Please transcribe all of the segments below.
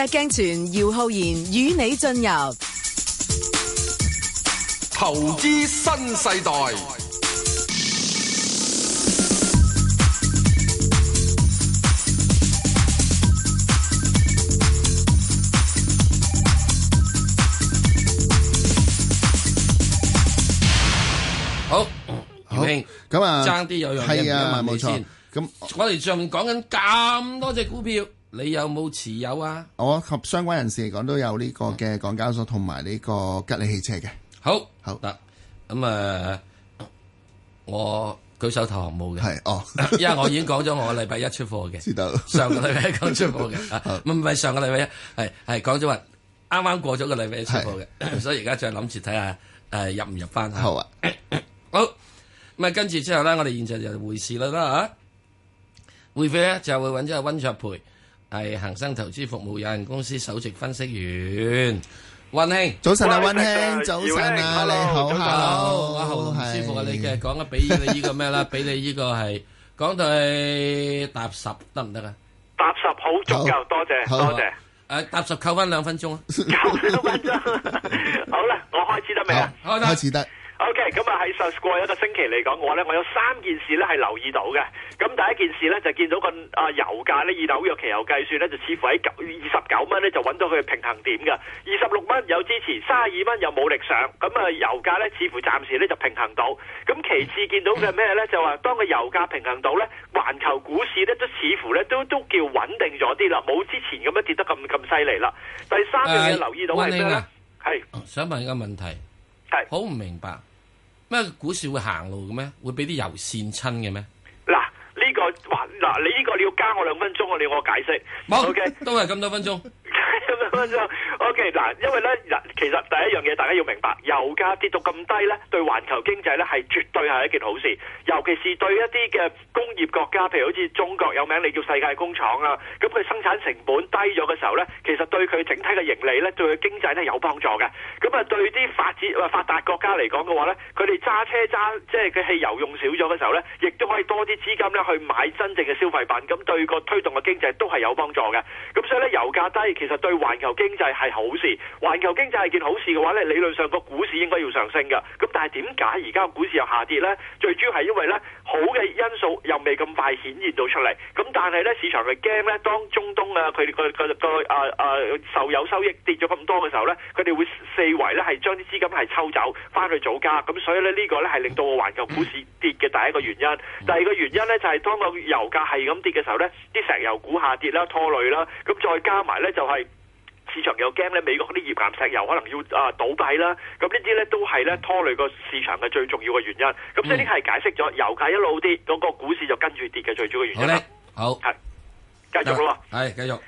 石鏡泉、姚浩然與你進入投資新世代。好，姚兄，咁啊，爭啲有用嘅嘢俾你先。咁我哋上面講緊咁多隻股票。你有冇持有啊？我及相關人士嚟講都有呢個嘅港交所同埋呢個吉利汽車嘅。好，好得咁啊！Uh, 我舉手投降冇嘅。係哦，oh、因為我已經講咗我禮拜一出貨嘅。知道上個禮拜一講出貨嘅唔唔係上個禮拜一係係講咗話啱啱過咗個禮拜一出貨嘅，是 所以而家再諗住睇下誒入唔入翻。好啊 好，好咁啊！跟住之後咧，我哋現在就回事啦啦啊！匯市咧就會揾咗阿溫灼培。 係恒生投資服務有限公司首席分析員，溫兄，早晨啊，溫兄，早晨啊，你好，你好，好舒服啊，你嘅講得俾你呢個咩啦，俾你呢個係講到係踏十得唔得啊？踏十好足夠，多謝，多謝，誒，踏十扣翻兩分鐘啊，扣兩分鐘，好啦，我開始得未啊？開始得。O.K. 咁啊喺上過一個星期嚟講，我呢，我有三件事呢係留意到嘅。咁第一件事呢，就見到個啊油價呢，以紐約期油計算呢，就似乎喺九二十九蚊呢，就揾到佢嘅平衡點嘅。二十六蚊有支持，三十二蚊又冇力上。咁啊油價呢，似乎暫時呢就平衡到。咁其次見到嘅咩呢？就話當個油價平衡到呢，環球股市呢，都似乎呢，都都叫穩定咗啲啦，冇之前咁樣跌得咁咁犀利啦。第三樣嘢留意到係咩呢？係想問一個問題，係是好唔明白。咩股市會行路嘅咩？會俾啲油線親嘅咩？嗱，呢個嗱你呢個你要加我兩分鐘，我你我解釋冇。O K，都係咁多分鐘。 O.K. 嗱，因為咧嗱，其實第一樣嘢，大家要明白，油價跌到咁低咧，對環球經濟咧係絕對係一件好事，尤其是對一啲嘅工業國家，譬如好似中國有名，你叫世界工廠啊，咁佢生產成本低咗嘅時候咧，其實對佢整體嘅盈利咧，對佢經濟咧有幫助嘅。咁啊，對啲發展啊發達國家嚟講嘅話咧，佢哋揸車揸即係佢汽油用少咗嘅時候咧，亦都可以多啲資金咧去買真正嘅消費品，咁對個推動嘅經濟都係有幫助嘅。咁所以咧，油價低其實對環球，環球經濟係好事，環球經濟係件好事嘅話呢，理論上個股市應該要上升嘅。咁但係點解而家個股市又下跌呢？最主要係因為呢，好嘅因素又未咁快顯現到出嚟。咁但係呢，市場係驚呢，當中東啊佢哋個個個誒誒受有收益跌咗咁多嘅時候呢，佢哋會四圍呢係將啲資金係抽走翻去祖家。咁所以呢，呢、這個呢係令到個環球股市跌嘅第一個原因。第二個原因呢，就係、是、當個油價係咁跌嘅時候呢，啲石油股下跌啦，拖累啦。咁再加埋呢，就係、是。市場又驚咧，美國啲頁岩石油可能要啊倒閉啦，咁呢啲咧都係咧拖累個市場嘅最重要嘅原因。咁所以呢，係解釋咗油價一路跌，嗰個股市就跟住跌嘅最主要原因啦。好咧，好，係繼續啦，係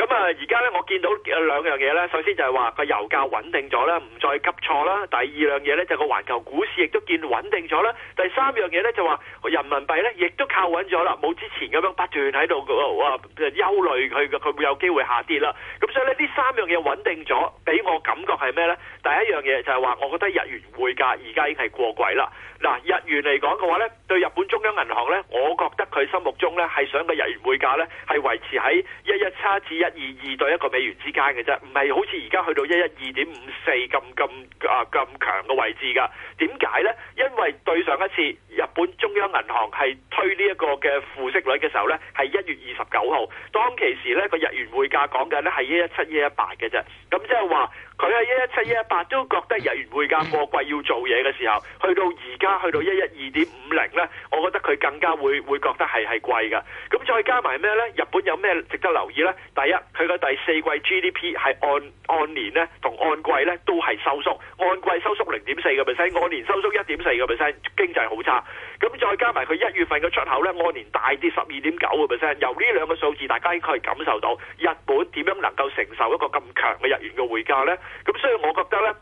咁啊，而家咧我見到兩樣嘢咧，首先就係話個油價穩定咗啦，唔再急錯啦。第二樣嘢咧就個環球股市亦都見穩定咗啦。第三樣嘢咧就話人民幣咧亦都靠穩咗啦，冇之前咁樣不斷喺度哇憂慮佢嘅，佢會有機會下跌啦。咁所以呢，呢三樣嘢穩定咗，俾我感覺係咩咧？第一樣嘢就係話，我覺得日元匯價而家已經係過貴啦。嗱，日元嚟講嘅話咧，對日本中央銀行咧，我覺得。佢心目中呢係想個日元匯價呢係維持喺一一七至一二二對一個美元之間嘅啫，唔係好似而家去到一一二點五四咁咁啊咁強嘅位置噶。點解呢？因為對上一次日本中央銀行係推呢一個嘅負息率嘅時候呢，係一月二十九號，當其時呢個日元匯價講緊呢係一一七一一八嘅啫，咁即係話。佢喺一一七、一一八都覺得日元匯價過貴要做嘢嘅時候，去到而家去到一一二點五零呢，我覺得佢更加會會覺得係係貴嘅。咁再加埋咩呢？日本有咩值得留意呢？第一，佢嘅第四季 GDP 係按按年呢，同按季呢都係收縮，按季收縮零點四個 percent，按年收縮一點四個 percent，經濟好差。咁再加埋佢一月份嘅出口呢，按年大跌十二點九個 percent。由呢兩個數字，大家應該感受到日本點樣能夠承受一個咁強嘅日元嘅匯價呢？咁所以，我覺得咧。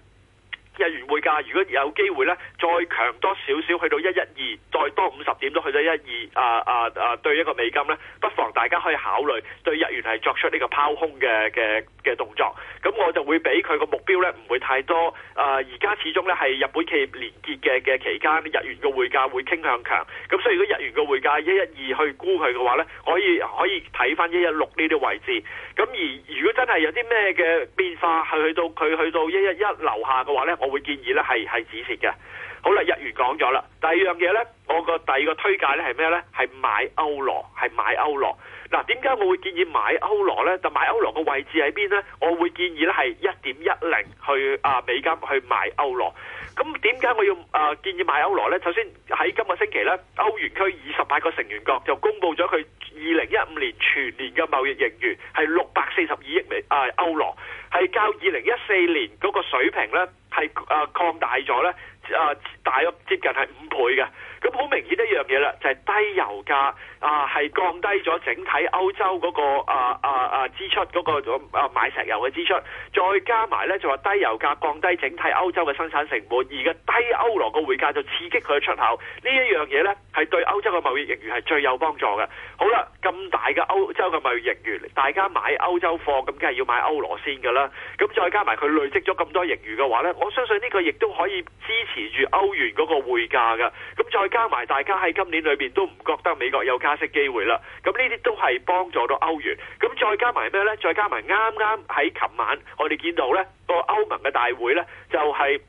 日元匯價如果有機會呢，再強多少少去到一一二，再多五十點都去到一一二啊啊啊！對、啊、一個美金呢，不妨大家可以考慮對日元係作出呢個拋空嘅嘅嘅動作。咁我就會俾佢個目標呢，唔會太多。啊，而家始終呢係日本企業連結嘅嘅期間，日元嘅匯價會傾向強。咁所以如果日元嘅匯價一一二去估佢嘅話呢，可以可以睇翻一一六呢啲位置。咁而如果真係有啲咩嘅變化，係去到佢去到一一一樓下嘅話呢。我會建議咧係係止蝕嘅。好啦，日元講咗啦。第二樣嘢咧，我個第二個推介咧係咩咧？係買歐羅，係買歐羅。嗱、啊，點解我會建議買歐羅咧？就買歐羅嘅位置喺邊咧？我會建議咧係一點一零去啊美金去買歐羅。咁點解我要啊建議買歐羅呢？首先喺今個星期呢，歐元區二十八個成員國就公布咗佢二零一五年全年嘅貿易盈餘係六百四十二億美啊歐羅，係較二零一四年嗰個水平呢，係啊擴大咗呢，啊大約接近係五倍嘅。咁好明顯一樣嘢啦，就係低油價啊，係降低咗整體歐洲嗰個啊啊啊支出嗰個啊買石油嘅支出，再加埋咧就話低油價降低整體歐洲嘅生產成本，而個低歐羅個匯價就刺激佢出口，呢一樣嘢咧係對歐洲嘅貿易盈餘係最有幫助嘅。好啦，咁大嘅歐洲嘅貿易盈餘，大家買歐洲貨咁梗係要買歐羅先㗎啦。咁再加埋佢累積咗咁多盈餘嘅話咧，我相信呢個亦都可以支持住歐元嗰個匯價嘅。咁再加埋大家喺今年裏邊都唔覺得美國有加息機會啦，咁呢啲都係幫助到歐元。咁再加埋咩咧？再加埋啱啱喺琴晚我哋見到咧個歐盟嘅大會咧、就是，就係。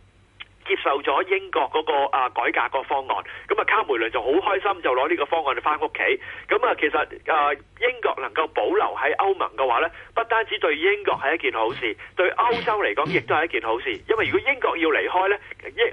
接受咗英國嗰個啊改革嗰方案，咁啊卡梅倫就好開心就攞呢個方案嚟翻屋企。咁啊其實啊英國能夠保留喺歐盟嘅話呢，不單止對英國係一件好事，對歐洲嚟講亦都係一件好事。因為如果英國要離開呢，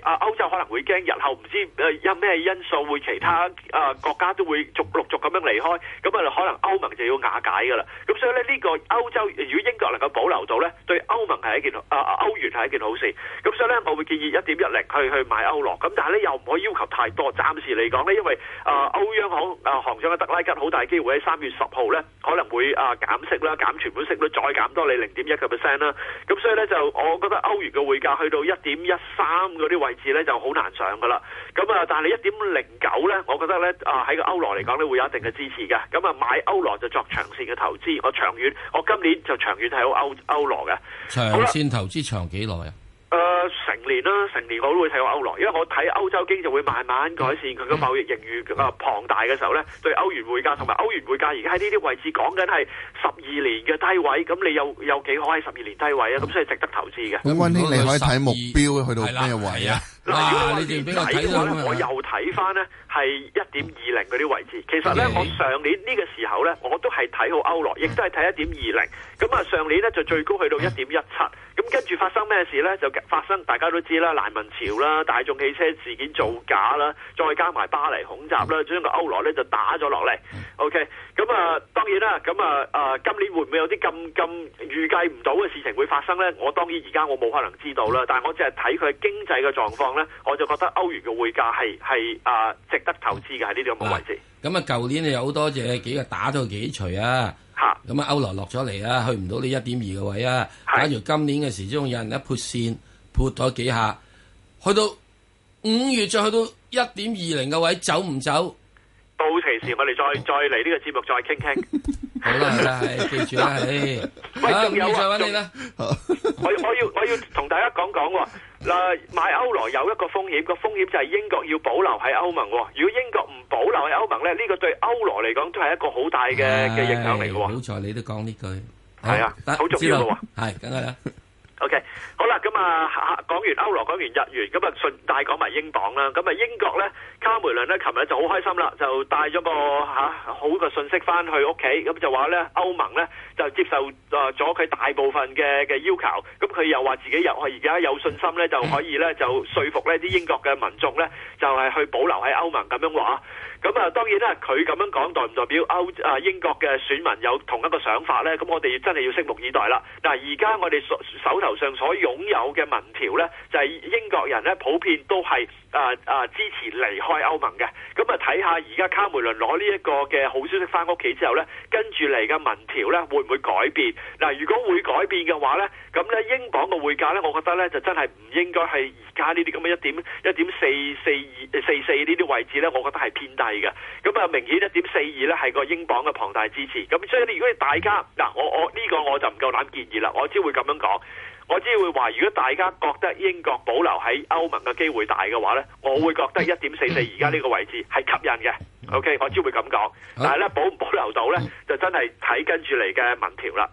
啊歐洲可能會驚日後唔知有咩因素會其他啊國家都會陸續陸續咁樣離開，咁啊可能歐盟就要瓦解㗎啦。咁所以呢，呢、呢個歐洲如果英國能夠保留到呢，對歐盟係一件啊歐元係一件好事。咁所以呢，我會建議一點一。力去去買歐羅咁，但係咧又唔可以要求太多。暫時嚟講咧，因為啊、呃、歐央行啊行長嘅德拉吉好大機會喺三月十號咧可能會啊、呃、減息啦，減存款息率再減多你零點一個 percent 啦。咁所以咧就我覺得歐元嘅匯價去到一點一三嗰啲位置咧就好難上噶啦。咁啊，但係一點零九咧，我覺得咧啊喺個歐羅嚟講咧會有一定嘅支持嘅。咁啊買歐羅就作長線嘅投資。我長遠，我今年就長遠睇好歐歐羅嘅。長線投資長幾耐啊？誒，uh, 成年啦，啊，成年我都會睇到歐羅，因為我睇歐洲經濟會慢慢改善，佢嘅貿易盈餘啊龐大嘅時候咧，對歐元匯價同埋歐元匯價而家喺呢啲位置講緊係十二年嘅低位，咁你有有幾可喺十二年低位啊？咁所以值得投資嘅。咁溫天，你可以睇目標去到咩位啊？ 嗱，如果年底嘅話咧， 我又睇翻呢係一點二零嗰啲位置。其實呢，我上年呢個時候呢，我都係睇好歐羅，亦都係睇一點二零。咁啊，上年呢就最高去到一點一七。咁跟住發生咩事呢？就發生大家都知啦，難民潮啦，大眾汽車事件造假啦，再加埋巴黎恐襲啦，將個歐羅呢就打咗落嚟。OK，咁啊，當然啦，咁啊啊，今年會唔會有啲咁咁預計唔到嘅事情會發生呢？我當然而家我冇可能知道啦。但係我只係睇佢經濟嘅狀況。我就覺得歐元嘅匯價係係啊值得投資嘅喺呢兩個位置。咁啊，舊、嗯、年有好多嘢幾個打咗幾錘啊，吓咁啊，歐羅落咗嚟啊，去唔到呢一點二嘅位啊，啊假如今年嘅時鐘有人一潑線潑咗幾下，去到五月再去到一點二零嘅位走唔走？到期時我哋再再嚟呢個節目再傾傾。 好啦，係、啊啊啊、記住啦、啊，係、啊。喂，仲有再揾你啦，仲有，我我要我要同大家講講喎。嗱，買歐羅有一個風險，個風險就係英國要保留喺歐盟。如果英國唔保留喺歐盟咧，呢、呢個對歐羅嚟講都係一個好大嘅嘅影響嚟嘅喎。哎、好彩你都講呢句，係、哎、啊，好行重要嘅喎，係，梗係啦。 OK，好啦，咁啊，講完歐羅，講完日元，咁啊順帶講埋英鎊啦。咁啊，英國咧，卡梅倫咧，琴日就好開心啦，就帶咗個吓、啊、好嘅信息翻去屋企，咁就話咧，歐盟咧就接受啊咗佢大部分嘅嘅要求，咁佢又話自己入去而家有信心咧，就可以咧就說服呢啲英國嘅民眾咧，就係、是、去保留喺歐盟咁樣話。咁啊，當然啦，佢咁樣講代唔代表歐啊英國嘅選民有同一個想法咧？咁我哋真係要拭目以待啦。嗱，而家我哋所手頭上所擁有嘅民調咧，就係英國人咧普遍都係。啊啊！支、啊、持離開歐盟嘅，咁啊睇下而家卡梅倫攞呢一個嘅好消息返屋企之後呢，跟住嚟嘅民調呢會唔會改變？嗱、啊，如果會改變嘅話呢，咁、啊、呢英鎊嘅匯價呢，我覺得呢就真係唔應該係而家呢啲咁嘅一點一點四四二四四呢啲位置呢，我覺得係偏低嘅。咁啊明顯一點四二呢係個英鎊嘅龐大支持。咁、啊、所以你如果你大家嗱、啊，我我呢、呢個我就唔夠膽建議啦，我只會咁樣講。我只會話，如果大家覺得英國保留喺歐盟嘅機會大嘅話咧，我會覺得一點四四而家呢個位置係吸引嘅。OK，我只會咁講，但係咧，保唔保留到咧，就真係睇跟住嚟嘅民調啦。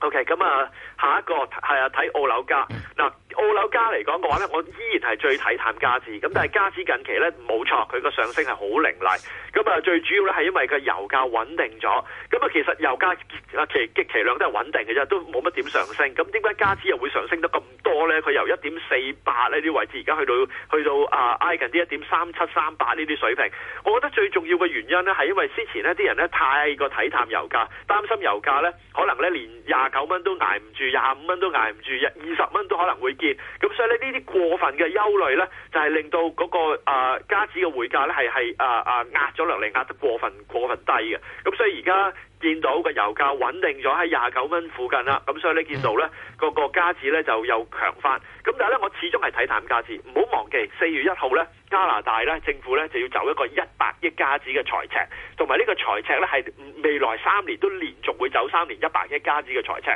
OK，咁、嗯、啊，下一個係啊睇澳紐加。嗱、嗯，澳紐加嚟講嘅話呢，我依然係最睇淡加紙。咁但係加紙近期呢，冇錯，佢個上升係好凌厲。咁、嗯、啊，最主要呢係因為佢油價穩定咗。咁、嗯、啊，其實油價其極其，其，其量都係穩定嘅啫，都冇乜點上升。咁點解加紙又會上升得咁多呢？佢由一點四八呢啲位置而家去到去到啊挨近啲一點三七三八呢啲水平。我覺得最重要嘅原因呢，係因為之前呢啲人呢太過睇淡油價，擔心油價呢可能呢連廿九蚊都挨唔住，廿五蚊都挨唔住，二十蚊都可能會跌。咁所以咧，呢啲過分嘅憂慮咧，就係、是、令到嗰、那個誒加紙嘅匯價咧，係係誒誒壓咗落嚟，壓得過分過分低嘅。咁所以而家。見到個油價穩定咗喺廿九蚊附近啦，咁所以你見到呢個個加紙呢，就又強翻，咁但係呢，我始終係睇淡加紙，唔好忘記四月一號呢，加拿大呢，政府呢，就要走一個一百億加紙嘅財赤，同埋呢個財赤呢，係未來三年都連續會走三年一百億加紙嘅財赤，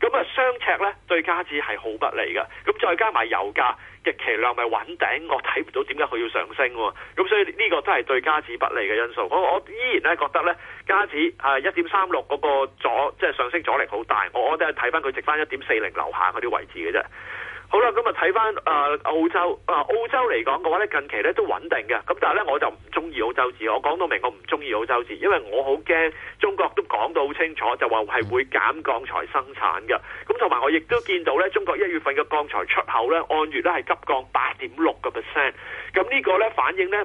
咁啊雙赤呢，對加紙係好不利嘅，咁再加埋油價，極其量咪穩定，我睇唔到點解佢要上升喎、啊，咁所以呢、呢個。都係對加紙不利嘅因素。我依然咧覺得咧，加紙係一點三六嗰個阻，即係上升阻力好大。我我都係睇翻佢值翻一點四零樓下嗰啲位置嘅啫。好啦，咁啊睇翻誒澳洲誒、呃、澳洲嚟講嘅話咧，近期咧都穩定嘅。咁但係咧，我就唔中意澳洲紙。我講到明，我唔中意澳洲紙，因為我好驚中國都講到好清楚，就話係會減鋼材生產嘅。咁同埋我亦都見到咧，中國一月份嘅鋼材出口咧，按月咧係急降八點六個 percent。咁呢個咧反映咧。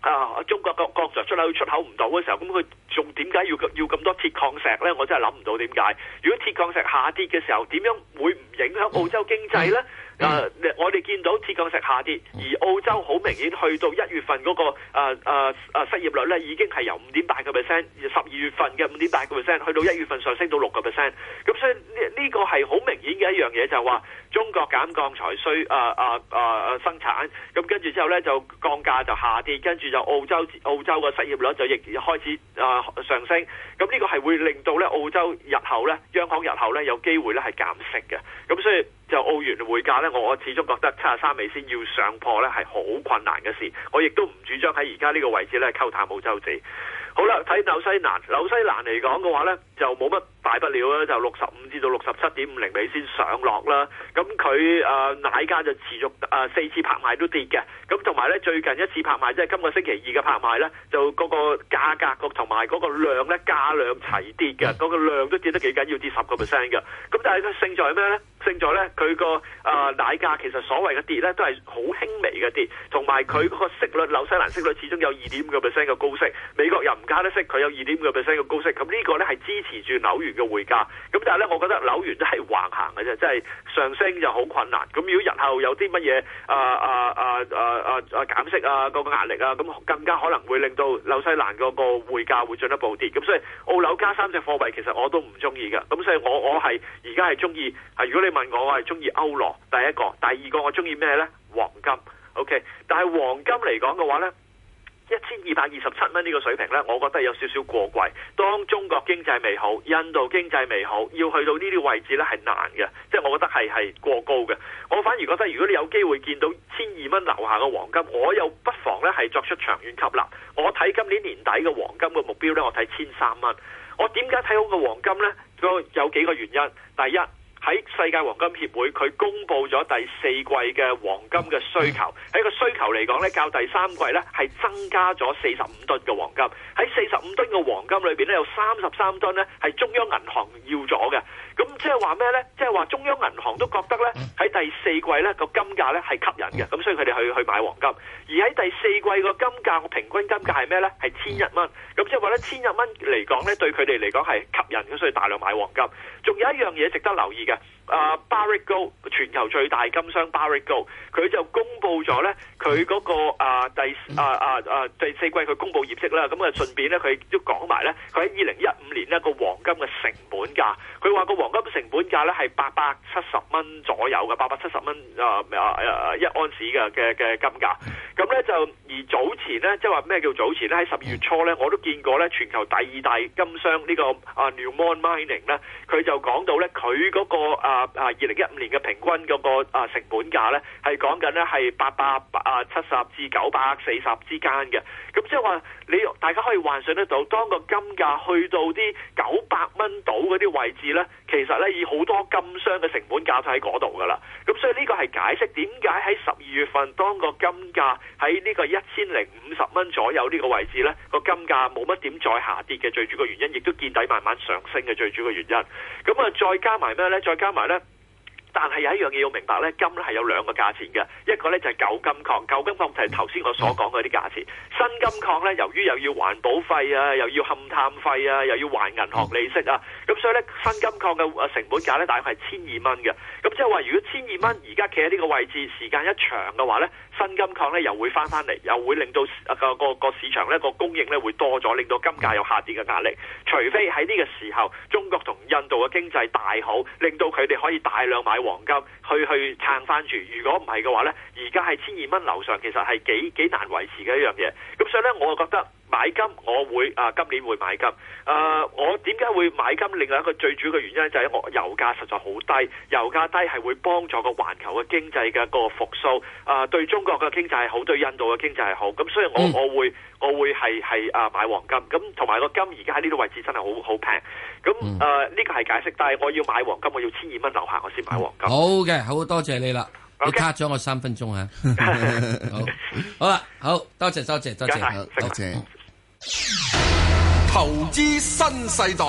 啊！中國國國在出口出口唔到嘅時候，咁佢仲點解要要咁多鐵礦石咧？我真係諗唔到點解。如果鐵礦石下跌嘅時候，點樣會唔影響澳洲經濟咧？誒、嗯啊，我哋見到鐵礦石下跌，而澳洲好明顯去到一月份嗰，那個誒誒誒失業率咧，已經係由五點八個 percent，十二月份嘅五點八個 percent，去到一月份上升到六個 percent。咁所以呢呢個係好明顯嘅一樣嘢，就話、是，中國減鋼材需，誒誒誒生產，咁跟住之後咧就降價就下跌，跟住就澳洲澳洲嘅失業率就亦開始誒上升。咁呢個係會令到咧澳洲日後咧央行日後咧有機會咧係減息嘅。咁所以。就澳元匯價呢我始終覺得七十三美仙要上破呢係好困難嘅事，我亦都唔主張喺而家呢個位置呢溝淡澳洲字。好啦，睇紐西蘭，紐西蘭嚟講嘅話呢就冇乜。大不了咧，就六十五至到六十七點五零美仙上落啦。咁佢誒奶價就持續誒四次拍賣都跌嘅。咁同埋咧，最近一次拍賣即係今個星期二嘅拍賣咧，就嗰個價格同埋嗰個量咧，價量齊跌嘅。嗰個量都跌得幾緊要，跌十個 percent 嘅。咁但係佢勝在咩咧？勝在咧佢個誒奶價其實所謂嘅跌咧，都係好輕微嘅跌。同埋佢個息率紐西蘭息率始終有二點五個 percent 嘅高息，美國又唔加得息，佢有二點五個 percent 嘅高息。咁呢個咧係支持住紐元嘅匯價，咁但係咧，我覺得紐元都係橫行嘅啫，即係上升就好困難。咁如果日後有啲乜嘢啊啊啊啊啊啊減息啊，個壓力啊，咁更加可能會令到紐西蘭嗰個匯價會進一步跌。咁所以澳紐加三隻貨幣其實我都唔中意嘅。咁所以我我係而家係中意係。如果你問我，我係中意歐羅第一個，第二個我中意咩咧？黃金。OK，但係黃金嚟講嘅話咧。一千二百二十七蚊呢個水平呢，我覺得有少少過貴。當中國經濟未好，印度經濟未好，要去到呢啲位置呢係難嘅，即係我覺得係係過高嘅。我反而覺得如果你有機會見到千二蚊樓下嘅黃金，我又不妨呢係作出長遠吸納。我睇今年年底嘅黃金嘅目標呢，我睇千三蚊。我點解睇好個黃金呢？有幾個原因，第一。喺世界黃金協會，佢公布咗第四季嘅黃金嘅需求。喺個需求嚟講，咧，較第三季咧係增加咗四十五噸嘅黃金。喺四十五噸嘅黃金裏邊，咧，有三十三噸咧係中央銀行要咗嘅。咁即係話咩呢？即係話中央銀行都覺得呢，喺第四季呢個金價呢係吸引嘅，咁所以佢哋去去買黃金。而喺第四季個金價個平均金價係咩呢？係千一蚊。咁即係話呢，千一蚊嚟講呢，對佢哋嚟講係吸引，咁所以大量買黃金。仲有一樣嘢值得留意嘅，啊，Barrick Gold 全球最大金商 Barrick Gold 佢就公佈咗呢，佢嗰個啊第啊啊啊第四季佢公佈業績啦。咁啊順便呢，佢都講埋呢，佢喺二零一五年呢個黃金嘅成本價，佢話個黃。黃金成本價咧係八百七十蚊左右嘅，八百七十蚊啊啊一盎司嘅嘅嘅金價。咁咧就而早前咧，即係話咩叫早前咧？喺十二月初咧，我都見過咧，全球第二大金商、呢個啊、呢、呢個啊 Newmont Mining 咧，佢就講到咧，佢嗰個啊啊二零一五年嘅平均嗰、嗰個啊成本價咧，係講緊咧係八百啊七十至九百四十之間嘅。咁即係話你大家可以幻想得到，當個金價去到啲九百蚊到嗰啲位置咧。其實咧，以好多金商嘅成本價都喺嗰度噶啦，咁所以呢個係解釋點解喺十二月份當個金價喺呢個一千零五十蚊左右呢個位置呢，呢個金價冇乜點再下跌嘅最主要嘅原因，亦都見底慢慢上升嘅最主要嘅原因。咁啊，再加埋咩呢？再加埋呢。但係有一樣嘢要明白呢，金呢係有兩個價錢嘅，一個呢就係舊金礦，舊金礦就係頭先我所講嗰啲價錢，新金礦呢，由於又要環保費啊，又要勘探費啊，又要還銀行利息啊，咁所以呢，新金礦嘅成本價呢，大概係千二蚊嘅，咁即係話如果千二蚊而家企喺呢個位置，時間一長嘅話呢。新金礦咧又會翻返嚟，又會令到個個市場咧個供應咧會多咗，令到金價有下跌嘅壓力。除非喺呢個時候，中國同印度嘅經濟大好，令到佢哋可以大量買黃金去去撐翻住。如果唔係嘅話咧，而家係千二蚊樓上，其實係幾幾難維持嘅一樣嘢。咁所以咧，我就覺得。買金我會啊、呃，今年會買金。誒、呃，我點解會買金？另外一個最主要嘅原因就係我油價實在好低，油價低係會幫助個環球嘅經濟嘅個復甦。啊、呃，對中國嘅經濟係好，對印度嘅經濟係好。咁所以我、嗯、我會我會係係啊買黃金。咁同埋個金而家喺呢個位置真係好好平。咁誒呢個係解釋，但係我要買黃金，我要千二蚊樓下我先買黃金。嗯、okay, 好嘅，好多謝你啦。你卡咗我三分鐘啊！ 好好啦，好多謝多謝多謝多謝。多謝多謝多謝投資新世代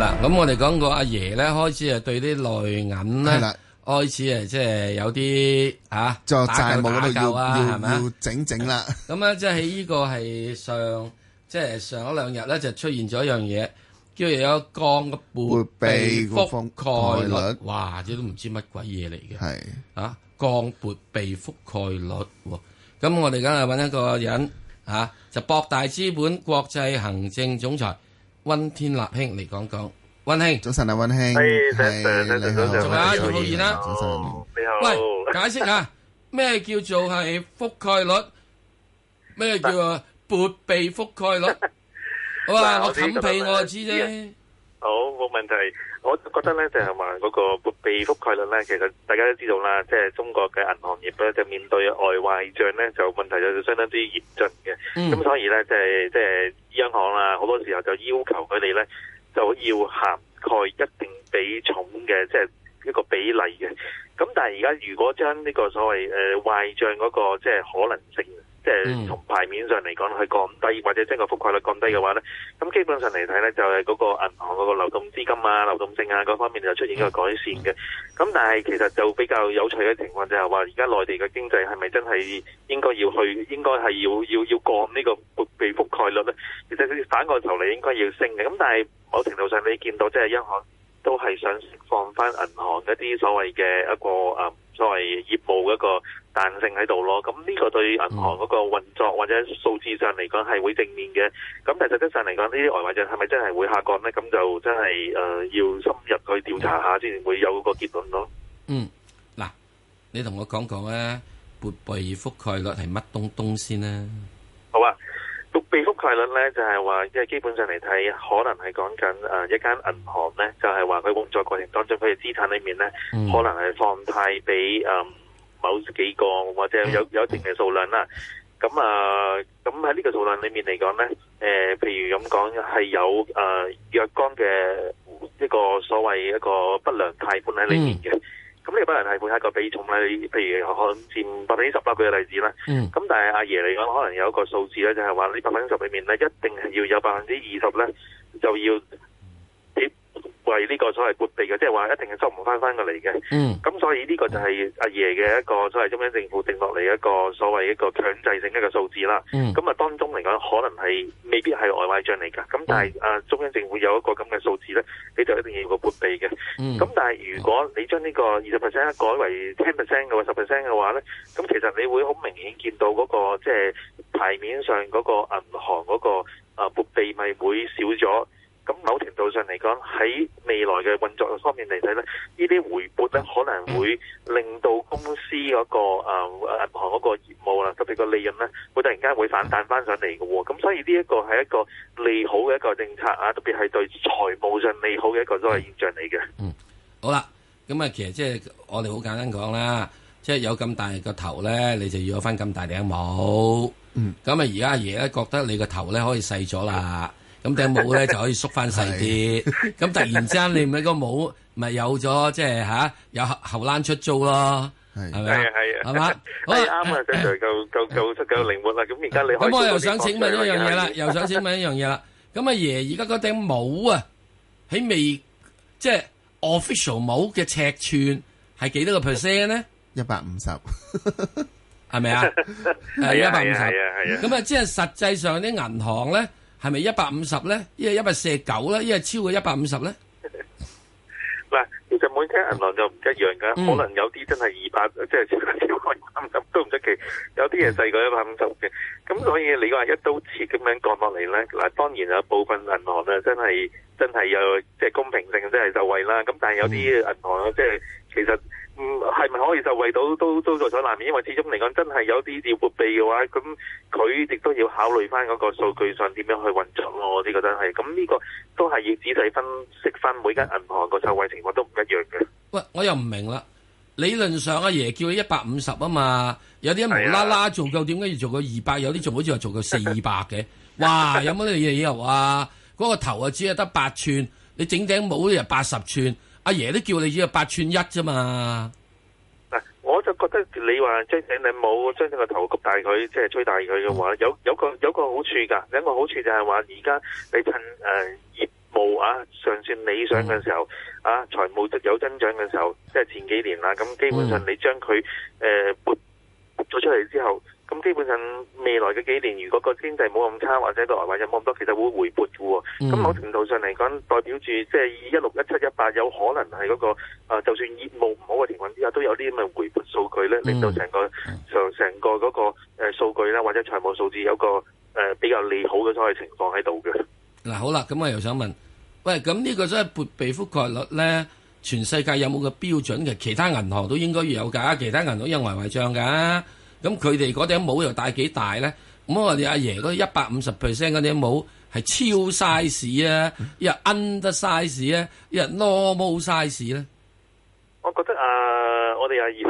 嗱，咁、啊、我哋講過阿爺咧，開始啊對啲內銀咧，的開始啊即係有啲啊，就債冇得救啊，係咪要？嗎要整整啦。咁啊，即係呢個係上，即、就、係、是、上一兩日咧，就出現咗一樣嘢。叫又有降撥備覆蓋率，哇！即都唔知乜鬼嘢嚟嘅。係是啊，降撥備覆蓋率。咁、啊、我哋梗係揾一個人是啊，就博大資本國際行政總裁溫天納兄嚟講講。溫兄，早晨啊，溫兄。係，你好。仲有姚浩然啦。你好。喂，解釋下咩叫做係覆蓋率？咩叫做撥備覆蓋率？嗱，氹地我知啫。好，冇問題。我覺得咧就係話嗰個撥備覆蓋率咧，其實大家都知道啦，即係中國嘅銀行業咧就面對外壞賬咧就問題就相當之嚴峻嘅。咁、嗯、所以咧即係即係央行啦、啊，好多時候就要求佢哋咧就要涵蓋一定比重嘅即係一個比例嘅。咁但係而家如果將呢個所謂誒壞賬嗰個即係可能性，即係從牌面上嚟講佢降低，或者整個覆蓋率降低嘅話咧，咁基本上嚟睇咧就係、是、嗰個銀行嗰個流動資金啊、流動性啊嗰方面就出現咗改善嘅。咁、嗯嗯、但係其實就比較有趣嘅情況就係、是、話，而家內地嘅經濟係咪真係應該要去，應該係要要要降個呢個撥備覆蓋率咧？其實反過頭嚟應該要升嘅。咁但係某程度上你見到即係央行。都係想釋放翻銀行一啲所謂嘅一個誒，所謂業務一個彈性喺度咯。咁呢個對銀行嗰個運作或者數字上嚟講係會正面嘅。咁但實質上嚟講，呢啲外匯就係咪真係會下降呢？咁就真係誒、呃、要深入去調查下先會有個結論咯。嗯，嗱、啊，你同我講講咧，撥備覆蓋率係乜東東先咧、啊？好啊。撥備覆蓋率咧，就係話即係基本上嚟睇，可能係講緊誒一間銀行咧，就係話佢工作過程當中，佢嘅資產裏面咧，可能係放貸俾誒某幾個或者有有定嘅數量啦。咁啊，咁喺呢個數量裏面嚟講咧，誒、呃、譬如咁講係有誒若、呃、干嘅一個、這個、所謂一個不良貸款喺裏面嘅。嗯咁呢班人係會係一個比重咧，譬如可能佔百分之十啦，舉個例子啦。嗯。咁但係阿爺嚟講，可能有一個數字咧，就係話呢百分之十裡面咧，一定係要有百分之二十咧，就要。為呢個所謂撥備嘅，即係話一定係收唔翻翻過嚟嘅。嗯，咁所以呢個就係阿爺嘅一個所謂中央政府定落嚟一個所謂一個強制性一個數字啦。嗯，咁啊當中嚟講，可能係未必係外壞賬嚟嘅。咁但係、嗯、啊中央政府有一個咁嘅數字咧，你就一定要個撥備嘅。嗯，咁但係如果你將呢個二十 percent 改為 ten percent 嘅話，十 percent 嘅話咧，咁其實你會好明顯見到嗰、那個即係牌面上嗰個銀行嗰個啊撥備咪會少咗。某程度上嚟講，喺未來嘅運作方面嚟睇咧，呢啲回撥咧，可能會令到公司嗰、那個誒誒、呃、銀行嗰個業務啦，特別個利潤咧，會突然間會反彈翻上嚟嘅。咁所以呢一個係一個利好嘅一個政策啊，特別係對財務上利好嘅一個都係現象嚟嘅。嗯，好啦，咁啊，其實即係我哋好簡單講啦，即、就、係、是、有咁大個頭咧，你就要有翻咁大頂帽。嗯，咁啊，而家阿爺咧覺得你個頭咧可以細咗啦。咁頂帽咧就可以縮翻細啲，咁突然之間你咪個帽咪有咗即係吓有後後欄出租咯，係咪啊？係啊，係啊，好啱啊！就，夠夠夠靈活啦。咁而家你咁我又想請問一樣嘢啦，又想請問一樣嘢啦。咁阿爺而家嗰頂帽啊，喺未即係 official 帽嘅尺寸係幾多個 percent 呢？一百五十，係咪啊？係一百五十。咁啊，即係實際上啲銀行咧。係咪一百五十咧？一係一百四十九咧？一係超過一百五十咧？嗱，其實每間銀行就唔一樣噶，嗯、可能有啲真係二百，即係超過二百五十都唔出奇。有啲嘢細過一百五十嘅，咁、嗯、所以你話一刀切咁樣降落嚟咧，嗱，當然有部分銀行啊，真係真係有即係、就是、公平性真係受惠啦。咁但係有啲銀行啊，即、就、係、是、其實。嗯，係咪可以就位到都都在所難免？因為始終嚟講，真係有啲要撥備嘅話，咁佢亦都要考慮翻嗰個數據上點樣去運作咯。我哋覺得係，咁呢個都係要仔細分析翻每間銀行個受惠情況都唔一樣嘅。喂，我又唔明啦，理論上阿爺叫你一百五十啊嘛，有啲無啦啦做夠，點解要做夠二百？有啲仲好似話做夠四百嘅，哇！有冇呢嘢嘢又啊？嗰、嗰個頭啊，只係得八寸，你整頂帽又八十寸。阿爺都叫你只係八寸一啫嘛，嗱，我就覺得你話將你你冇將個頭咁大佢，即、就、係、是、吹大佢嘅話，有有個有個好處噶，有個好處就係話而家你趁誒、呃、業務啊尚算理想嘅時候，嗯、啊財務有增長嘅時候，即、就、係、是、前幾年啦，咁基本上你將佢誒撥撥咗出嚟之後。咁基本上未來嘅幾年，如果個經濟冇咁差，或者個外匯入冇咁多，其實會回撥嘅喎。咁某、嗯、程度上嚟講，代表住即係一六一七一八，有可能係嗰、那個就算業務唔好嘅情況之下，都有啲咁嘅回撥數據咧，令到成個上成、嗯、個嗰個誒數據咧，或者財務數字有個誒比較利好嘅所謂情況喺度嘅。嗱、嗯嗯，好啦，咁我又想問，喂，咁呢個真係撥備覆蓋率咧，全世界有冇個標準嘅？其他銀行都應該有㗎，其他銀行有外匯帳㗎。咁佢哋嗰頂帽又戴幾大咧？咁我哋阿爺嗰一百五十 percent 嗰頂帽係超 size 啊！一人、嗯、under size 啊，一人 normal size 咧。我覺得啊，我哋阿爺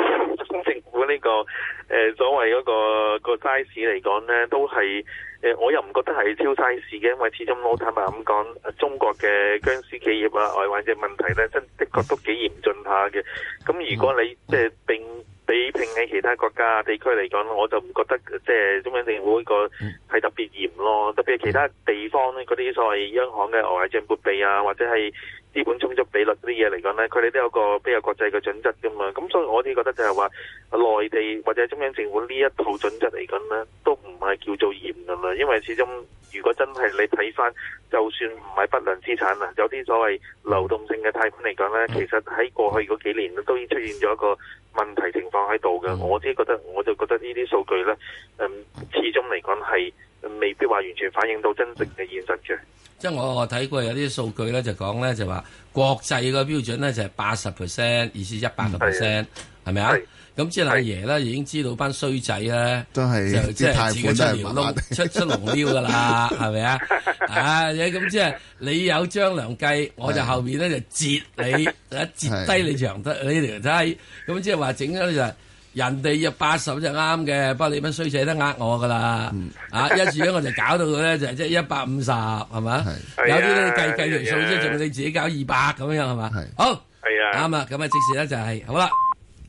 中央政府呢、這個誒、呃、所謂嗰、那個那個 size 嚟講咧，都係誒、呃，我又唔覺得係超 size 嘅，因為始終我坦白咁講，中國嘅僵屍企業啊，外環嘅問題咧，真的，的確都幾嚴峻下嘅。咁如果你即係、嗯、並你拼喺其他國家地區嚟講，我就唔覺得即係、就是、中央政府呢個係特別嚴咯，特別係其他地方咧嗰啲所謂央行嘅外借撥備啊，或者係資本充足比率嗰啲嘢嚟講咧，佢哋都有個比較國際嘅準則噶嘛。咁所以我哋覺得就係話，內地或者中央政府呢一套準則嚟講咧，都唔係叫做嚴噶啦，因為始終，如果真係你睇返，就算唔係不良資產啊，有啲所謂流動性嘅貸款嚟講呢，其實喺過去嗰幾年都已經出現咗一個問題情況喺度嘅。我只係覺得，我就覺得呢啲數據呢，誒、嗯、始終嚟講係未必話完全反映到真正嘅現實嘅。即係我我睇過有啲數據咧，就講咧就話國際個標準咧就係八十 percent，而唔係一百 percent，係咪啊？咁即係阿爺咧已經知道班衰仔咧，就即係自己出出出龍鷄㗎啦，係咪啊？啊，咁即係你有張良計，我就後面咧就截你，截低你長得你條梯，咁即係話整咗就。人哋要八十就啱嘅，不過你乜衰仔得呃我噶啦，嗯、啊一住咧我就搞到佢咧 就即一百五十，係嘛是？有啲咧計計條數，即係仲要你自己搞二百咁樣，係嘛、就是？好，啱啊。咁啊即時咧就係好啦。